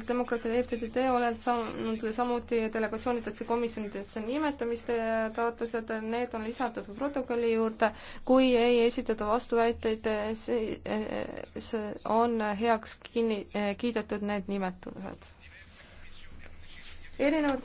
sotsiaaldemokraatide EFTTT olen saanud samuti delegatsioonidesse komisjonidesse nimetamiste taotlused, need on lisatud protokolli juurde, kui ei esitata vastuväiteid, siis on heaks kinni, kiidetud need nimetused. erinevad